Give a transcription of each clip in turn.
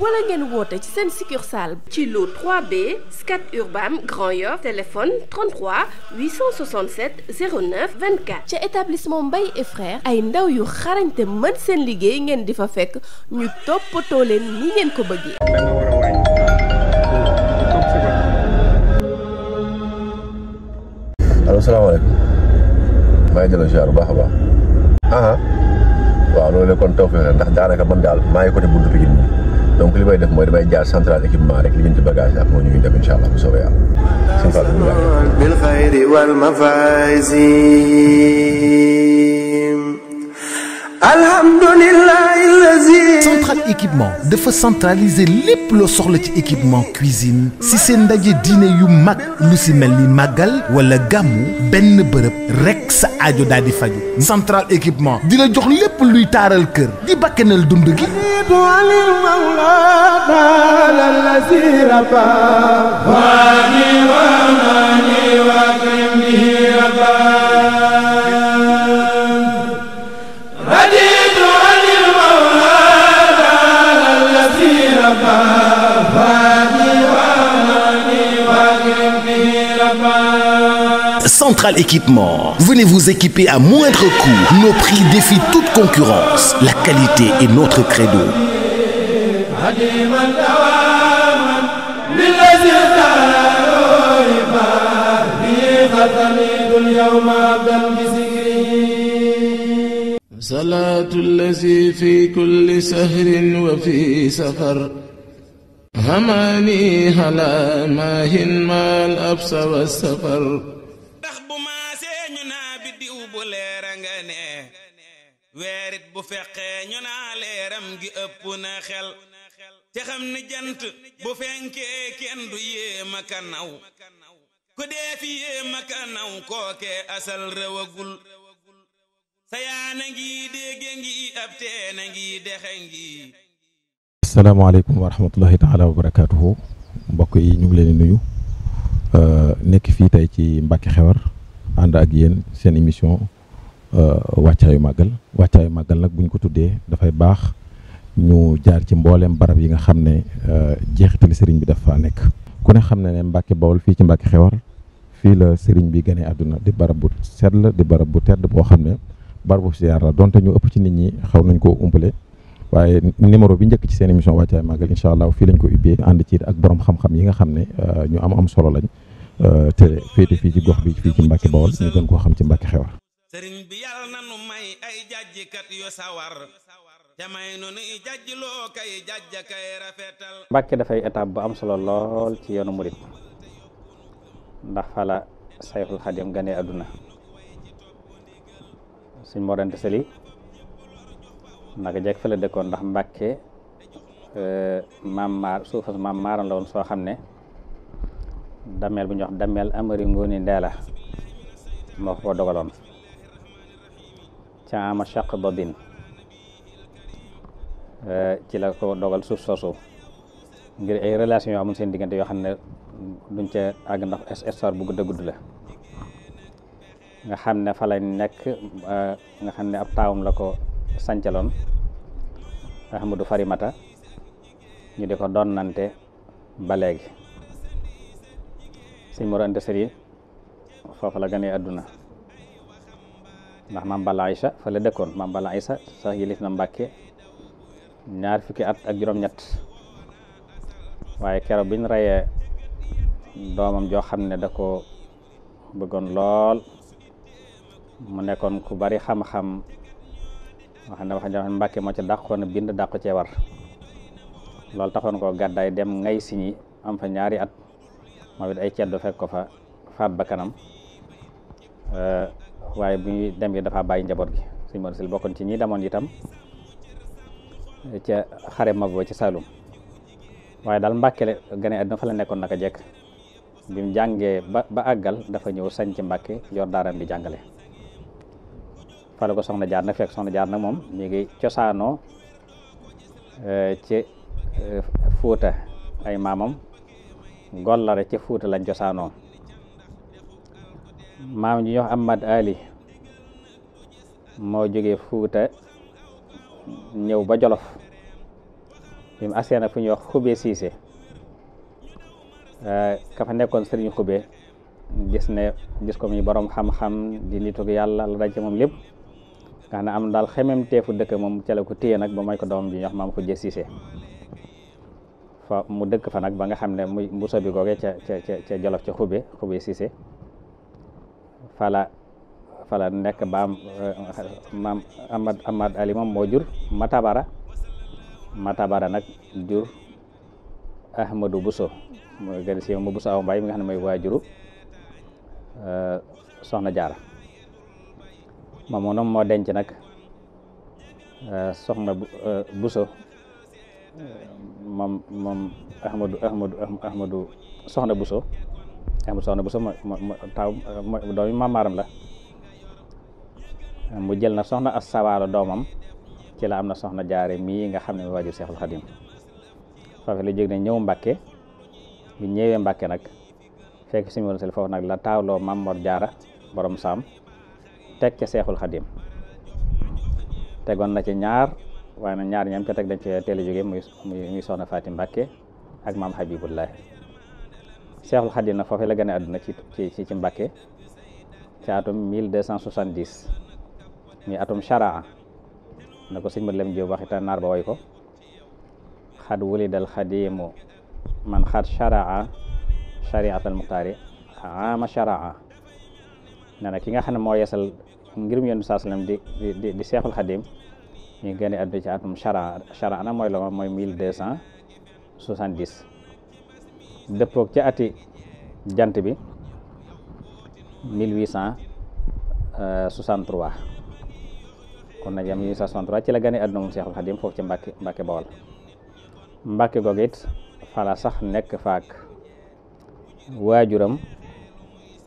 wala ngeen woote ci seen succursale ci lu 3B Scat Urbam Grand Yoff téléphone ca établissement Mbaye et ay ndaw yu xarañte mën seen liggéey ngeen di fa fekk ñu toppatoo leen ni ngeen ko bëggee allo salaamaaleykum maa ngi jëloon genre baax a baax aha waaw loolu kon taw fii ndax daanaka man daal maa ngi côté buntu Pikine donc li may def mooy damay jaar central équipement rek li ngeen ci bagage ak moo ñu allah bu soobee yàlla central bil xayri wal mafaasim alhamdulillahi allazi central lépp loo soxla ci équipement cuisine si seen ndaje diine yu mag lu si mel ni màggal wala gàmmu benn bërëb rek sa aajo daal di faju central équipement dina jox lépp luy taaral kër di bakkanal dund gi الحميد وللمولى تعالى الذي ربى فاني وماني وكرم به ربى Central Équipement. Venez vous équiper à moindre coût. Nos prix défient toute concurrence. La qualité est notre credo. salaatu lazi fi kulli sahrin wa fi safar hamaani ala maahin maal absa wa safar ku feqee ñu naa leeram gi ëpp na xel te xam ni jant bu fenkee kenn du yéem a kanaw ku dee fi yéem kanaw kookee asal rëwagul sayaana ngi dégge ngi ab teena ngi dexe ngi asalaamaaleykum wa rahmatullahi taala wa barakaatuhu mbokk yi ñu ngi leen nuyu euh, nekk fi tey ci Mbàkke Xewar ànd ak yéen seen émission Euh, wàccaayu màggal wàccaayu màggal nag buñ ko tuddee dafay baax ñu jaar ci mbooleem barab yi nga xam ne euh, jeexitali sëriñ bi dafa nekk ku ne xam ne ne Mbàkke Bawol fii ci Mbàkke Xewar fii la sëriñ bi gane àdduna di barab bu set la di barab bu tedd boo xam ne barab bu la donte ñu ëpp ci nit ñi xaw nañ koo umpale waaye numéro bi njëkk ci seen émission wàccaay màggal incha allah fii lañ ko ubbee ànd ci ak boroom xam-xam yi nga xam ne euh, ñu am am solo lañ te féete fii ci gox bi fii ci Mbàkke Bawol ñu gën koo xam ci Mbàkke Xewar sëriñ bi yàlla na nu may ay jàjjikat yu sawar te may nuy jàjjiloo kay jàjja kay rafetal mbàkke dafay étape bu am solo lool ci yoonu murit ndax fala sayxul xadim gane àdduna suñ moo dante sëli naka jekk fa la dëkkoon ndax mbakke eh, maam maar suufas maam maaram la soo xam ne dameel bu ñu wax dameel amari ngooni ndeela moo ko dogaloon ca ama shaq dadin eh, ci la ko dogal suuf soosu ngir ay relation yoo seen diggante yoo xam ne duñ ca àgg ndax histoire bu gudd gudd la nga xam ne fa lañ nekk eh, nga xam ne ab taawum la ko sancaloon ahmadu farimata ñu di ko donnante ba léegi sëñ mor ante sëri foofu la gane àdduna ndax maam Balla Aïcha fa la dëkkoon maam Balla Aïcha sax yilif na Mbàkke ñaar fukki at ak juróom-ñett waaye keroog biñ reyee doomam joo xam ne da ko bëggoon lool mu nekkoon ku bari xam-xam wax ne wax ne Mbàkke ci dàqoon bind dako cee war loolu taxoon ko gàddaay dem ngay siñi am fa ñaari at moom it ay ceddo fekk ko fa faat ba waaye bu ñuy dem dafa bàyyi njaboot gi sëñ Mor bokkoon ci ñi demoon itam eh, ca xare Mabo ci Saloum waaye daal Mbàkke la gane àddina fa la nekkoon naka jekk bi mu ba ba àggal dafa ñëw sañ ci Mbàkke yor daaram di jàngale fa la ko soxna jaar na fekk soxna jaar na moom ñu ngi cosaanoo eh, ci eh, Fuuta ay maamam gollare ca Fuuta lañ cosaanoo maam ji ñuy wax Ahmad Ali moo jógee Fuuta ñëw ba Jolof bi mu agsee nag fu ñuy wax Xube Siise euh, ka fa nekkoon Sëriñ Xube gis ne gis ko muy borom xam-xam di nituk yàlla la daj ci moom lépp nga xam ne am daal xemem teefu dëkk moom ca la ko téye nag ba may ko doomam ji ñuy wax maam Xuje Siise fa mu dëkk fa nag ba nga xam ne mu bu sobi googee ca ca ca Jolof ca Xube Xube Siise fala fala nekk baam maam Ahmad Ahmad Ali moom moo jur Matabara Matabara nag jur Ahmadou Bousso mooy gën si mu aw Mbaye mi nga xam ne mooy waajuru euh, soxna Jaara moom moom moo denc nag euh, soxna euh, Bousso moom moom Ahmadou Ahmadou Ahmadou soxna Bousso amul soxna bu sa ma la mu jël na soxna as sawaalo doomam ci am na soxna jaare mii nga xam ne mu waajur Seexul Xadim foofu lu jóg ne ñëw Mbàkke bi ñëwee mbakke nag fekk suñu woon sel nag la taawloo Mamor Jaara borom sam teg ca Seexul Xadim tegoon na ci ñaar waaye na ñaar ñam ca teg na ca teel a jóge muy soxna Faati Mbàkke ak maam Habibullahi Cheikhul Khadim nag foofee la gane àdduna ci ci ci Mbàkke ci atum 1270 muy atum charaa na ko sëñ ma lem Jóob waxitaan naar ba way ko xad wulidal xadimu man xad charaa chariatal muxtaari ama charaa nee na ki nga xam ne moo yeesal ngirum yoon bi saa sallam di di di Cheikhul Khadim ñu gane àdduna ci atum charaa charaa nag mooy la mooy dëppoog ca ati jant bi 1863 kon nag yam 1863 ci la gane àdduna moom Seexul Xadim foofu ci Mbàkke Mbàkke Bawol Mbàkke googu fala sax nekk faak waajuram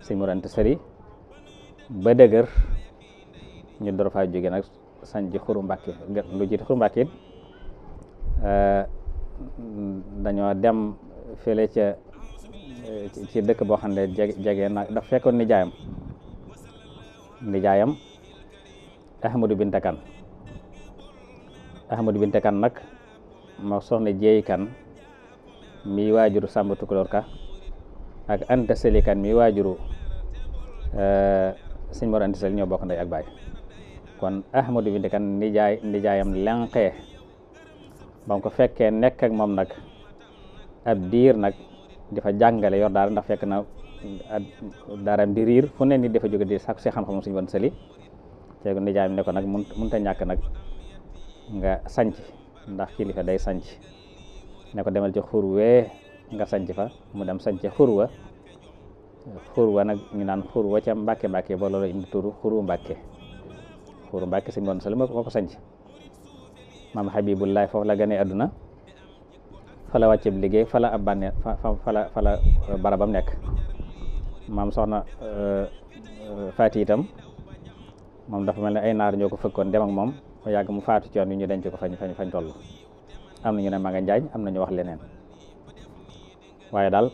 si mu sëri ba dëgër faa jóge nag sanc xuru Mbàkke lu xuru Mbàkke it euh, dañoo fële eh, ci dëkk boo xam ne jege jege na dafa fekkoon nijaayam nijaayam Ahmadou Binta Kan Ahmadou Binta Kan nag moo soxna Jéey Kan mi waajuru Sàmba Tukulóor Ka ak Anta Kan mi waajuru eh, sëñ Mor Anta Sali ñoo bokk ndey ak baay kon Ahmadou Binta Kan nijaayam lenqee ba ko fekkee nekk moom nag ab diir nag di fa jàngale yor daara ndax fekk na daaraam di riir fu ne nit dafa jóge di sàkku si xam-xam suñu bon sëli ceegu nijaay ne ko nag mun mënta ñàkk nag nga sañc ndax kilifa day sañc ne demal ci xur wee nga sanc fa mu dem sanc xur wa xur wa nag ñu naan xur wa ca mbàkke mbake ba loolu indi turu xuru mbàkke xuru mbàkke suñu bon sëli moo ko sanc maam Habibullahi foofu la gane àdduna fa la wàcceeb liggéey fa la ab bànnee fa fala fa la euh, barabam nekk maam soxna euh, euh, faati itam moom dafa mel ne ay naar ñoo ko fëkkoon dem ak moom mu yàgg mu faatu ci yoon wi ñu denc ko fa fañ fañ am na ñu ne ma nga njaañ am na ñu wax leneen waaye daal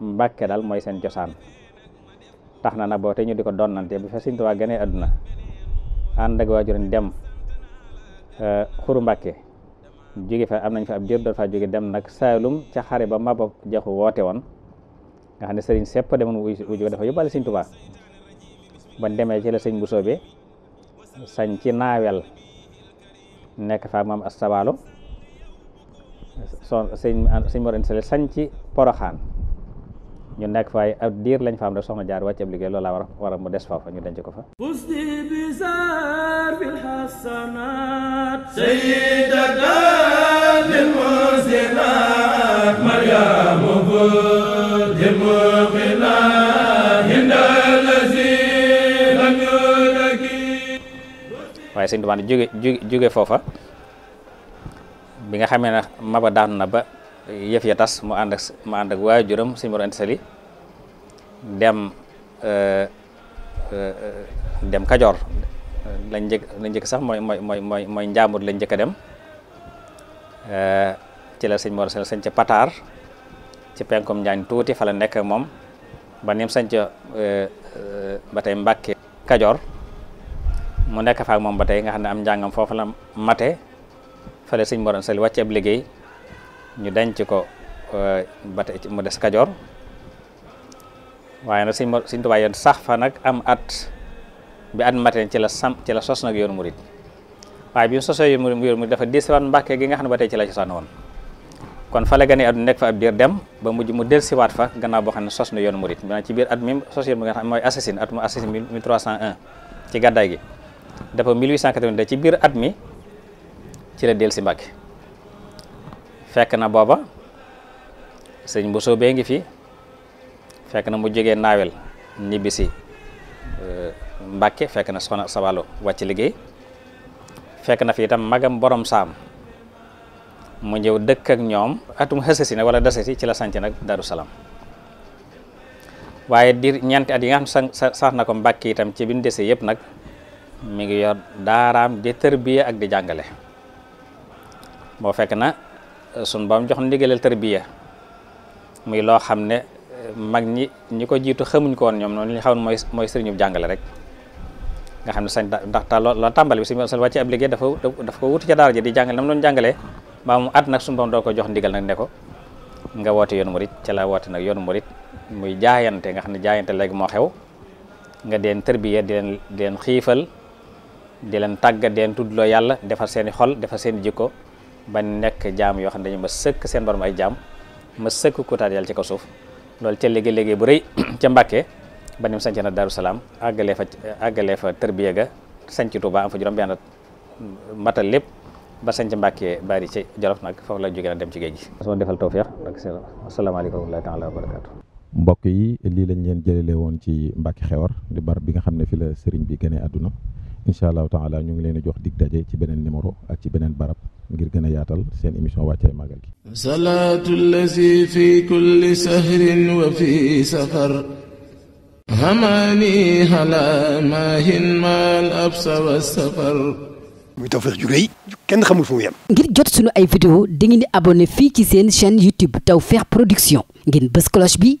mbàkke daal mooy seen cosaan tax na na boo te ñu di ko donnante bi fa Sëñ Tuubaa gënee àdduna ànd ak waajuram dem xuru mbàkke jóge fa am nañ fa ab diir doon faa jóge dem nag Saalum ca xare ba ma Maba Jaxu woote woon nga xam ne sëriñ sepp demoon wuju ko dafa yóbbaale sëriñ Tuubaa bañ demee ci la sëriñ bu soobee sañ ci naawel nekk fa moom as sabaalo son sëñ sëñ Mor Anta Sali sañ ci Poroxaan ñu nekk fa ay diir lañ fa am rek soxna jaar wàcc ab liggéey loolu laa war war a mu des foofa ñu denc ko fa waaye sëñ Tuubaa jóge foofa bi nga xamee na maba daanu na ba yëf ya tas mu ànd ak mu ànd ak waajuram sëñ Mor Anta euh, euh, dem Kajoor lañ njëkk lañ njëkk sax mooy mooy mooy mooy mooy lañ njëkk a dem euh, ci la sëñ Mor Anta sañ ca Pataar ci penkom Njaañ tuuti fa nekk moom ba sañca sañ ca ba Kajoor mu nekk faak moom ba tey nga xam ne am njàngam foofu la mate fale suñ moroon sali wàcc ab liggéey ñu denc ko euh, ba tey mu des kajoor waaye nag suñ mo suñ tubaay yoon sax fa nag am at bi at matin ci la sos nag yoonu murit waaye bi mu sosoo yoonu murit dafa dellusiwaat mbàkke gi xam ne ba tey ci la cosaan woon kon fale gane at nekk fa ab diir dem ba mujj mu dellusiwaat fa gannaaw boo xam ne sos na yoonu murit maanaam ci biir at mi sos yoonu murit nga xam ci gàddaay gi dafa 1882 ci biir at mi ci la del si Mbàkke fekk na booba sëñ bu soobee ngi fi fekk na mu jógee naawel ñibbisi euh, Mbàkke fekk na soxna Sabaalo wàcc liggéey fekk na fi itam magam borom saam mu ñëw dëkk ak ñoom atum xësasi nag wala dasasi ci la sanc nag Daaru Salaam waaye diir ñeenti at yi nga xam sax na ko Mbàkke itam ci bi mu dese yëpp nag mi ngi yor daaraam di tërbiya ak di jàngale moo fekk na eh, sun bam jox ndigaleel tërbiya muy loo xam ne eh, mag ñi ñi ko jiitu xamuñ ko ñoom noonu li ñu xamoon mooy mooy sëriñu jàngale rek nga xam ne sañ ndax ta loolu tàmbali bi suñu wàcce ab liggéey dafa dafa ko wuti ca daar ji di jàngale na mu doon jàngalee ba mu at nag suñu bam doo ko jox ndigal nag ne ko nga woote yoonu murit ca la woote nag yoonu murit muy jaayante nga xam ne jaayante léegi moo xew nga deen tërbiya di leen di xiifal di leen tàggat di leen tuddloo yàlla defal seeni xol defal seen i jikko ba nekk jaam yoo xam ne dañu ma sëkk seen borom ay jaam ma sëkk kutaat yàlla ci kaw suuf loolu ca léegi léegi ba rëy ca Mbàkke ba nim sanc na Daaru Salaam àggalee fa àggalee fa tërbiya ga sanc Tuuba am fa juróom benn at matal lépp ba sanc Mbàkke bari ci Jolof nag foofu la jógee na dem ci géej gi soo defal tawfeex ak asalaamaaleykum wa rahmatullaahi taala wa barakaatu mbokk yi lii lañ leen jëlale woon ci Mbàkke Xewar di bi nga xam ne fi la sëriñ bi gënee àdduna incha allahu taala ñu ngi leen di jox dig daje ci beneen numéro ak ci beneen barab ngir gën a yaatal seen émission wàccaay màggal gi salaatu lazi fi kulli sahrin wa fi safar hamani hala maahin maal absa wa safar muy Tawfekh ju kenn xamul fu mu yem ngir jot sunu ay vidéo dangeen di fii ci seen chaîne YouTube Tawfekh Production ngeen bës bi